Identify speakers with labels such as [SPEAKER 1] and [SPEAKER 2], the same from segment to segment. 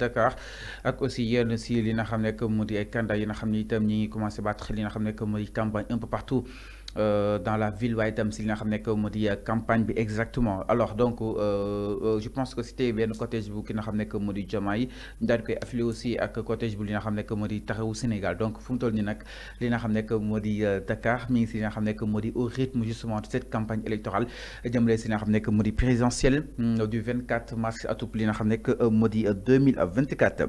[SPEAKER 1] Dakar ak aussi yenn si li na xam ne que mu ay candidat yi na xam ne itam ñi ngi commencé battre li nga xam ne que mu di campagne partout Euh, dans la ville waaye itam si nga euh, campagne exactement alors donc euh, je pense que c'était bien le cottage ki nga xam nekk moo di Diomaye affilié aussi ak cottage bu li nga xam nekk moo Sénégal donc fu mu toll nii li nga Dakar mi si nga au rythme justement de cette campagne électorale jëmale si li nga xam présidentielle hmm, du 24 mars à li nga xam 2024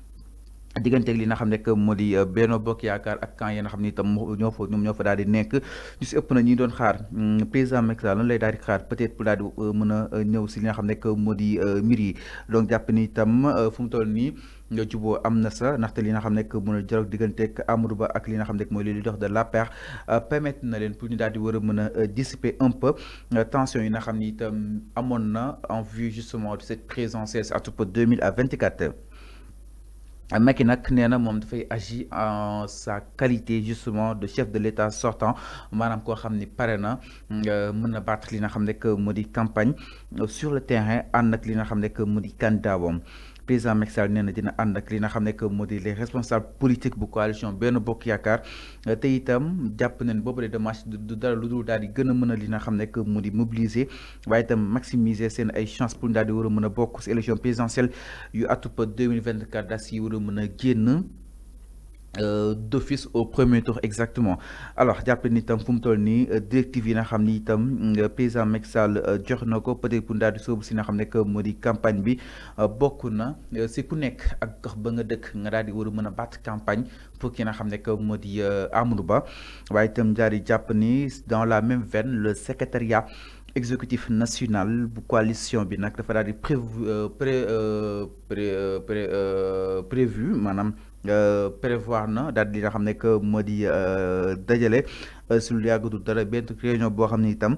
[SPEAKER 1] digganteeg li nga xam nekk modi di euh, Benno Bokk Yaakaar ak kan yi nga xam ni itam ñoo fa ñoom ñoo fa daal nekk ñu si ëpp na ñi doon xaar hmm, président Macky Sall lan lay daal xaar peut-être pour daal di euh, mën euh, ñëw si li nga xam nekk modi miri donc japp ni tam fu mu toll nii nga juboo amna sa ndaxte li nga xam nekk mën jorok jarog ak Amadou Ba ak li nga xam nekk moy li dox de la paix permettre na leen pour ñu daal wëra war dissiper un peu tension yi nga xam ni itam amoon na en vue justement de cette présidentielle à tout 2024 Macky nag nee na moom dafay agir en sa qualité justement de chef de l'État sortant manam ko xamni paréna pare euh, na battre li nga xamné que modi campagne euh, sur le terrain and ak li nga xamné que modi candidat président Macky Sall nee na dina ànd ak li nga xam ne que moo di les responsables bu coalition benn bokk yaakaar te itam jàpp nañ boobule démarche du dara lu dul daal di gën a mën a li nga xam ne que mu di mobiliser waaye itam maximiser seen ay chance pour daal di war a mën a bokk si élection présidentielle yu atub 2024 daa si war a mën a génn Euh, d'office au premier tour exactement alors jàpp ni itam fu toll nii euh, directive yi nga ni itam euh, président jox na peut-être pour daal di si nga que modi campagne bi bokk na si ku nek ak gox ba nga dëkk nga daal di war a campagne pour ki nga que modi di Amadou Ba waaye itam daal ni dans la même veine le secrétariat exécutif national bu coalition bi nak dafa daal di prévu pré pré prévu manam Euh, prévoir na daal di xam ne que moo di euh, dajale euh, su lu yàggatul dara benn réunion boo xam ne itam.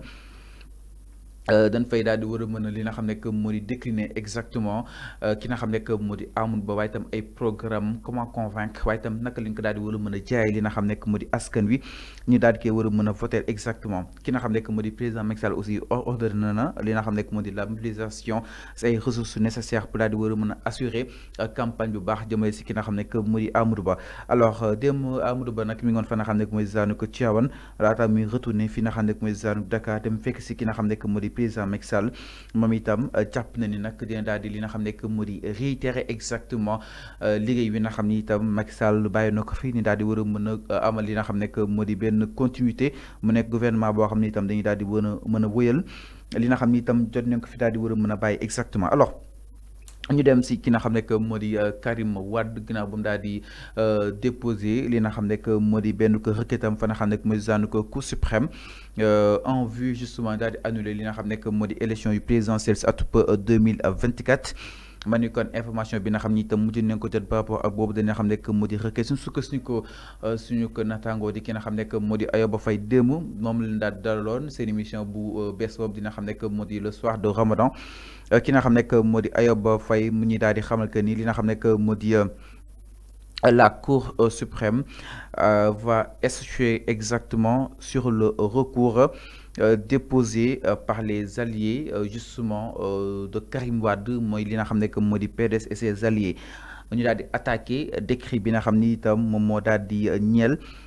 [SPEAKER 1] Euh, dañ fay daal di war a mën a li nga xam ne que moo di décliné exactement euh, ki nga xam ne que moo di Amadou Ba waaye itam ay programme comment convaincre waaye itam naka lañ ko daal di war a mën a jaay li nga xam ne que moo di askan wi ñu daal di koy war a mën a voter exactement ki nga xam ne que moo di président Macky Sall aussi ordonné na li nga xam ne que moo di la mobilisation si ay ressources nécessaires pour daal di war a mën a assurer euh, campagne bu baax jëmale si ki nga xam ne que moo di Amadou Ba alors démb Amadou Ba nak mi ngoon fa nga xam ne que moo di zaanu ko Tivaouane laata muy retourné fi nga xam ne que moo di zaanu Dakar dem fekk si ki nga xam ne que moo di président Macky Sall moom itam euh, jàpp na ni nag dina daal di li na xam ne que mu di réitéré exactement euh, liggéey bi na xam ni itam Macky Sall bàyyi na ko fi ni daal di war a mën a euh, amal li nga xam ne que di benn continuité mu nekk gouvernement boo xam ne itam dañuy daal di mën a mën a wëyal li nga xam ni itam jot nañ ko fi daal di war a mën a bàyyi exactement alors. ñu dem ci ki nga xam ne que moo di euh, Karim Wade ginnaaw ba mu daal di euh, déposé li nga xam ne que moo di benn ko requêtam fa nga xam ne que mooy zaanu ko Cour suprême euh, en vue justement daal di annulé li nga xam ne que moo di élection yu présidentielle si atub 2024 ma kon information bi nga xamni tam itam mujj nañ ko jot par ak bobu dina xamne ne que moo di rëkkee suñ ko suñu ko natango di ki nga xamne que Ayoba fay démb mom lañ daal dalon seen émission bu euh, bees dina xamne que le soir de Ramadan euh, ki nga xamne ne que di Ayoba fay mu ñuy daal di xamal que ni li nga xamne que euh, la Cour suprême va statuer exactement sur le recours. Euh, déposé euh, par les alliés euh, justement de Karim Wade moi li nga Pérez PDS et ses alliés ñu a attaqué décrit bi nga Niel.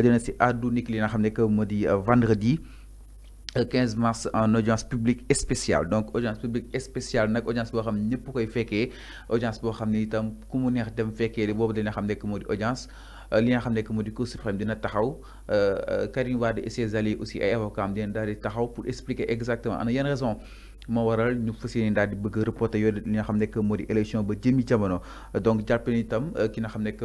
[SPEAKER 1] dina si àddu nit que moo euh, vendredi 15 euh, mars en audience publique spéciale donc audience publique spéciale nak audience bo xam ne koy féké audience bo xam ne itam ku mu neex dem féké bobu dina xam que audience euh, li nga xam ne que Cour suprême dina taxaw Karim Wade et ses alliés aussi ay avocats am dina di taxaw pour expliquer exactement ana yene raison mo waral ñu fas yéene di bëgg reporter yo li nga xam que élection ba jëmi jamono donc jàpp ni itam ki nga xam ne que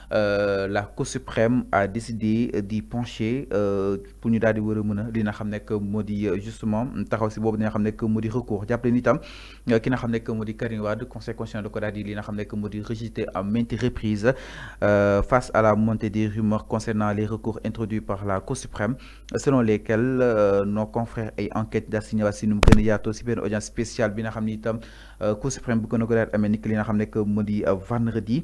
[SPEAKER 1] Euh, la Cour suprême a décidé d'y pencher euh, pour nous daal di war a mën a euh, justement taxaw si boobu li nga xam recours jàppale ni tam ki nga xam nekk que di Karim Wade conseil conscient de ko daal di li nga xam nekk moo rejeté à maintes reprises face à la montée des rumeurs concernant les recours introduits par la Cour suprême selon lesquels nos confrères et enquête d'assignation nous ñëwaat à tous. mu a si audience spéciale bi nga xam ni itam Cour suprême bu gën a ko que amee ni li vendredi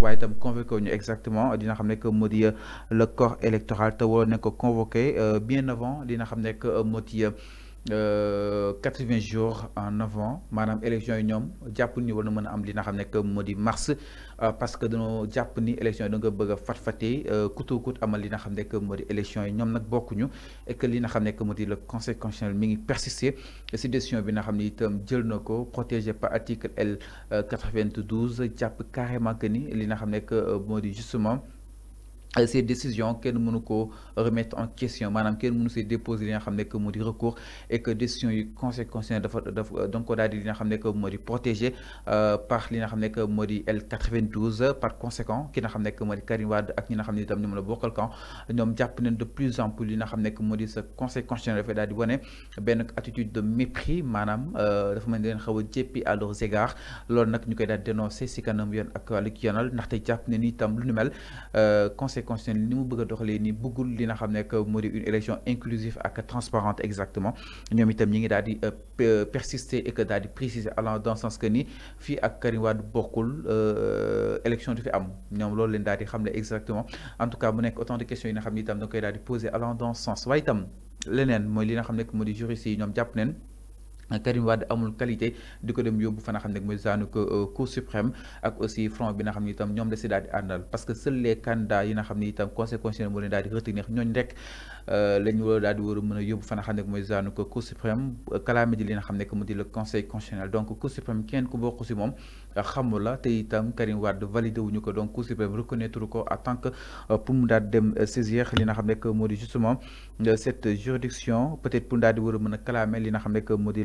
[SPEAKER 1] dialogue waaye convoqué ñu exactement dina xam que modi euh, le corps électoral te waroon ko convoqué euh, bien avant dina xam ne que euh, moo 80 euh, jours en avant Madame élection ñom japp ni wala mëna am li nga xamné que modi mars euh, parce que dañoo japp ni élection da nga bëgg fat faté kutu kut amal li nga xamné que modi di élection yi ñoom nag et que li nga xamné que modi le conseil constitutionnel mi ngi persister si décision bi nga xam ne itam jël nako protégé par article L 92 euh, japp carrément que ni li nga xamné que modi justement ces décisions kenn mënu ko remettre en question maanaam kenn mënu see déposer li nga xamné que modi recours et que décision yi conséquence dafa donc ko daal di li nga xam que modi di protégé euh, par li nga xamné que modi L92 par conséquent ki nga xamné que modi Karim Wade ak ñi nga xamné tam ñu ñoom la bokkal camp ñoom jàpp nañ de plus en plus li nga xamné que modi ce sa conséquence dafay daal di wane benn attitude de mépris maanaam euh, dafa mel ni leen xaw a jéppi à leurs égards lool nak ñukay da dénoncer dénoncé si kanam yoon ak wàllu yoonal ndaxte jàpp nañ itam lu ñu mel euh conseil constitutionnel ni mu bëgg a doxalee ni bëggul li nga xam ne que moo di une élection inclusive ak transparente exactement ñoom itam ñi ngi daal di euh, euh, persister et que daal di préciser allant dans sens que ni fii ak Karim Wade bokkul euh, élection du fi am ñoom loolu leen daal di xam ne exactement en tout cas mu nekk autant de questions yi nga xam ne itam da koy daal di poser allant dans sens waaye itam leneen mooy li nga xam ne que moo di juriste yi ñoom jàpp neen Karim Wade amul qualité di ko dem yóbbu fa nga xam ne mooy zaanu euh, cour suprême ak aussi front bi nga xamni tam ñom ñoom la si daal parce que seul les candidats yi nga xamni tam conseil constitutionnel mo leen dal di retenir ñooñ rek euh, la ñu dal a mëna di war a mën a yóbbu fa nga xam ne mooy zaanu cour suprême euh, kalaame di li nga xam ne mu di le conseil constitutionnel donc cour suprême kenn ku bokku ci mom xamu la te itam Karim Wade validé wuñu ko donc cour suprême reconnaître ko en tant que pour mu daal di dem saisir li nga xam ne moo di justement cette juridiction peut être pour mu daal di war a li nga xam ne moo di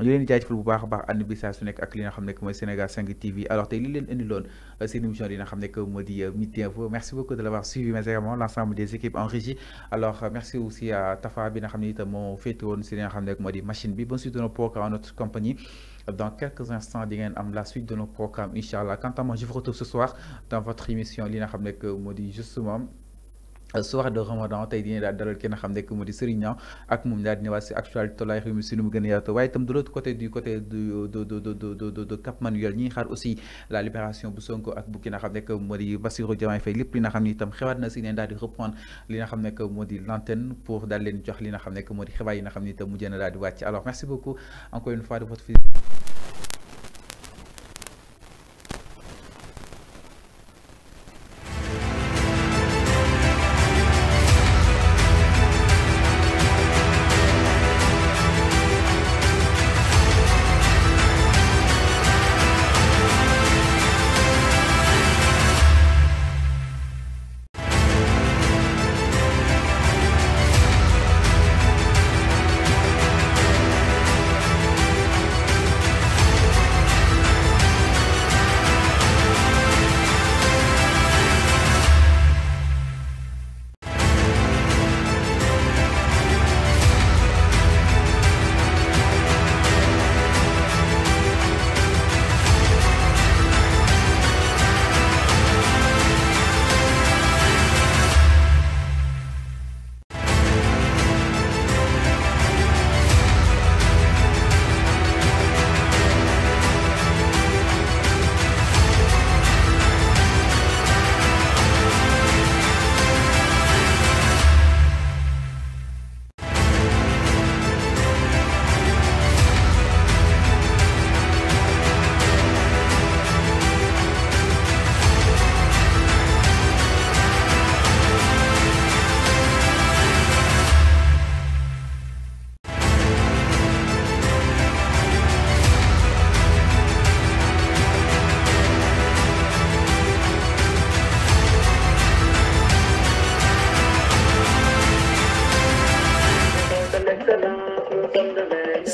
[SPEAKER 1] ñu leen jaajëfal bu baax a baax ànd bi saa su nekk ak li nga xam ne mooy Sénégal 5 TV alors tey li leen c'est euh, seen émission yi nga xam ne moo di euh, merci beaucoup de l'avoir suivi mais également l'ensemble des équipes en régie alors euh, merci aussi à Tafa bi nga xam ne itam moo féete woon si li nga xam ne moo di machine bi bonne suite de nos programmes en notre compagnie dans quelques instants di ngeen am la suite de nos programmes incha allah quant à moi je vous retrouve ce soir dans votre émission li nga xam ne moo di justement soir de Ramadan tay dina daal dalal ki nga xam ne que Serigne Niang ak moom dal di ñëwaat actualité tolaay mi si nu yaatu waaye itam de l'autre côté du côté de de de de de de Cap Manuel ñi xaar aussi la libération bu Sonko ak bu ki nga xam ne que moo di Bassirou Diomaye li nga xamni tam xewat na si neen dal di reprendre li nga xam ne l'antenne pour dal leen jox li nga xam ne que yi nga xamni tam mu jëna dal di wacc alors merci beaucoup encore une fois de votre fidélité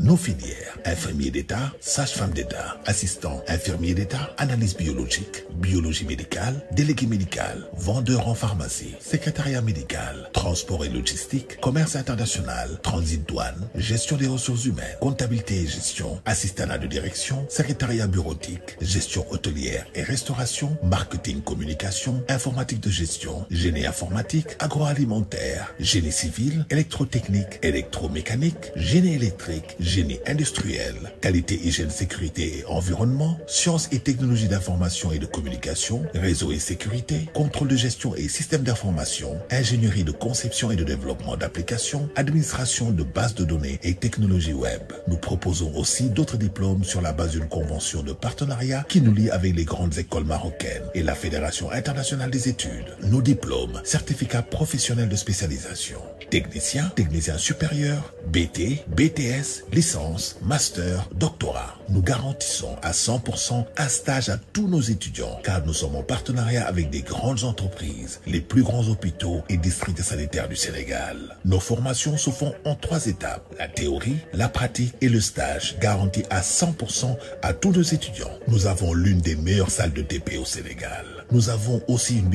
[SPEAKER 2] nos filières. Infirmiers d'État, sage femme d'État, assistant, infirmiers d'État, analyse biologique, biologie médicale, délégué médical, vendeur en pharmacie, secrétariat médical, transport et logistique, commerce international, transit douane, gestion des ressources humaines, comptabilité et gestion, à de direction, secrétariat bureautique, gestion hôtelière et restauration, marketing communication, informatique de gestion, génie informatique, agroalimentaire, génie civil, électrotechnique, électromécanique, génie électrique, génie industriel, qualité, hygiène, sécurité et environnement, sciences et technologies d'information et de communication, réseau et sécurité, contrôle de gestion et système d'information, ingénierie de conception et de développement d'applications, administration de bases de données et technologies web. Nous proposons aussi d'autres diplômes sur la base d'une convention de partenariat qui nous lie avec les grandes écoles marocaines et la Fédération internationale des études. Nos diplômes, certificats professionnels de spécialisation, technicien, technicien supérieur, BT, BTS, licence, master, doctorat. Nous garantissons à 100% un stage à tous nos étudiants car nous sommes en partenariat avec des grandes entreprises, les plus grands hôpitaux et districts sanitaires du Sénégal. Nos formations se font en trois étapes, la théorie, la pratique et le stage garantis à 100% à tous nos étudiants. Nous avons l'une des meilleures salles de TP au Sénégal. Nous avons aussi une bibliothèque